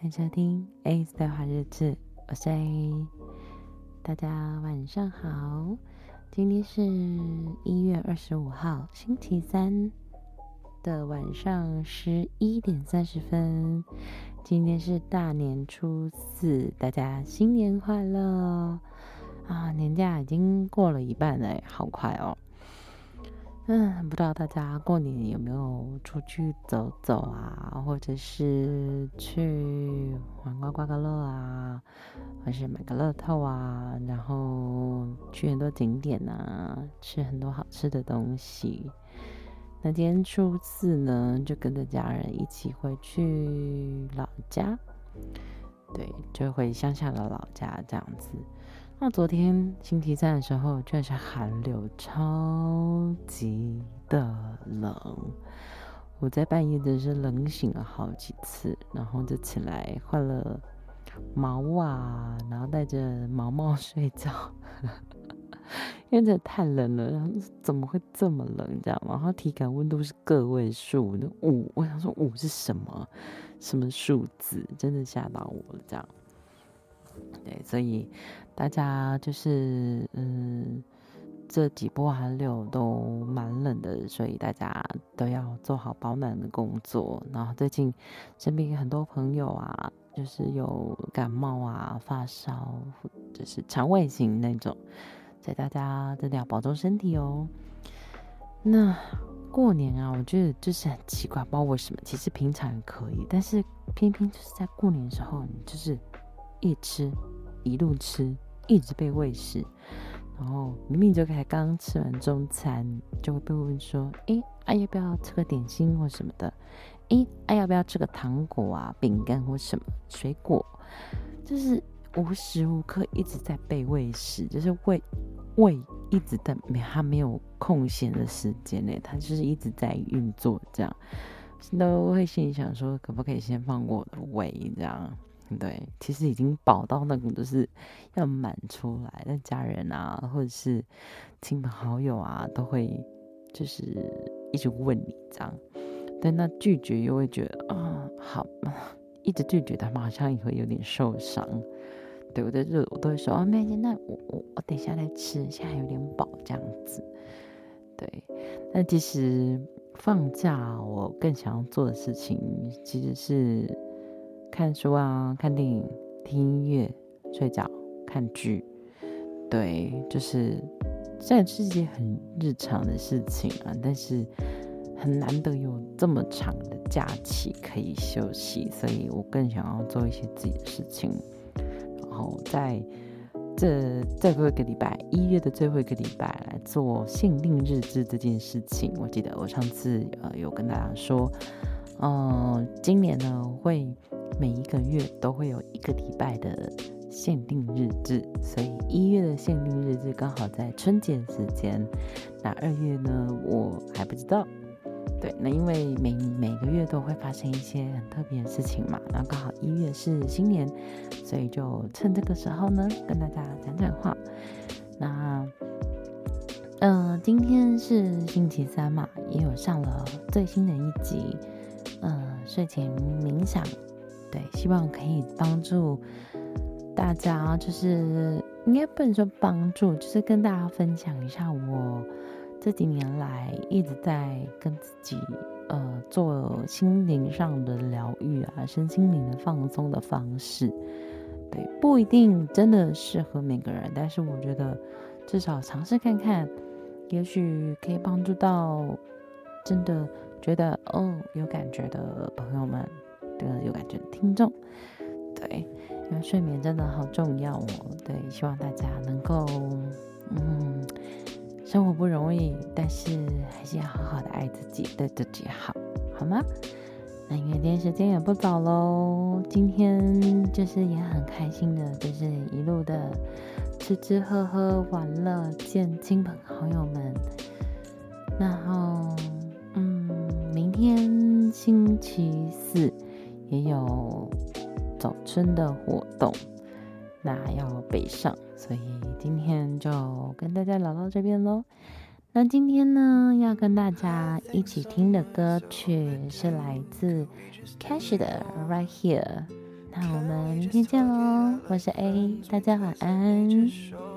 歡迎收聽《A 的對話日誌》，我是 A。大家晚上好，今天是一月二十五號，星期三的晚上十一點三十分。今天是大年初四，大家新年快樂啊！年假已經過了一半了，好快哦。嗯，不知道大家過年有沒有出去走走啊，或者是去玩刮刮樂啊，還是買個樂透啊，然後去很多景點啊，吃很多好吃的東西。那今天初四呢，就跟着家人一起回去老家，對，就回鄉下的老家這樣子。那昨天星期三的時候，確實是寒流，超級的冷。我在半夜的時候冷醒了好幾次，然後就起來換了毛襪，然後戴着毛毛睡覺， 因為這太冷了。然後怎麼會這麼冷？你知道嗎？然後體感溫度是個位數那五，我, 5, 我想說五是什麼？什麼數字？真的嚇到我了，這樣。對，所以大家就是嗯，這幾波寒流都蠻冷的，所以大家都要做好保暖的工作。然後最近身邊很多朋友啊，就是有感冒啊、發燒，就是腸胃型那種，所以大家真的要保重身體哦。那過年啊，我覺得就是很奇怪，不知道為什麼，其實平常可以，但是偏偏就是在過年的時候，你就是。一吃，一路吃，一直被餵食，然後明明就才剛剛吃完中餐，就會被問說：“哎、欸，哎、啊、要不要吃個點心或什麼的？哎、欸，哎、啊、要不要吃個糖果啊、餅乾或什麼水果？”就是無時無刻一直在被餵食，就是胃胃，一直在，他沒有空閒的時間嘞，他就是一直在運作這樣，都會心裡想說：可不可以先放過我的胃這樣？對，其實已經飽到那個，就是要滿出來。那家人啊，或者是親朋好友啊，都會就是一直問你這樣。但那拒絕又會覺得啊、哦，好，一直拒絕他們好像也會有點受傷。對，我在這我都會說啊，沒關係，那我我我等一下來吃，現在還有點飽這樣子。對，那其實放假我更想要做的事情其實是。看書啊，看電影，聽音樂，睡覺，看劇，對，就是雖然是一件很日常的事情啊，但是很難得有這麼長的假期可以休息，所以我更想要做一些自己的事情。然後在這最後一個禮拜，一月的最後一個禮拜來做限定日誌這件事情。我記得我上次呃有跟大家說，嗯、呃，今年呢會。每一個月都會有一個禮拜的限定日誌，所以一月的限定日誌剛好在春節時間。那二月呢，我還不知道。對，那因為每每個月都會發生一些很特別的事情嘛，那剛好一月是新年，所以就趁這個時候呢，跟大家講講話。那，嗯、呃，今天是星期三嘛，也有上了最新的一集，呃，睡前冥想。對，希望可以幫助大家，就是應該不能說幫助，就是跟大家分享一下我這幾年來一直在跟自己呃做心靈上的療癒啊，身心靈的放鬆的方式。對，不一定真的適合每個人，但是我覺得至少嘗試看看，也許可以幫助到真的覺得哦、嗯、有感覺的朋友們。這個有感覺的聽眾，對，因為睡眠真的好重要哦。對，希望大家能夠，嗯，生活不容易，但是還是要好好的愛自己，對自己好好嗎？那因為今天時間也不早嘍，今天就是也很開心的，就是一路的吃吃喝喝、玩樂、見親朋好友們。然後，嗯，明天星期四。也有走春的活動，那要北上，所以今天就跟大家聊到這邊嘍。那今天呢，要跟大家一起聽的歌曲是來自 Keshi 的《Right Here》。那我們明天見嘍，我是 A，大家晚安。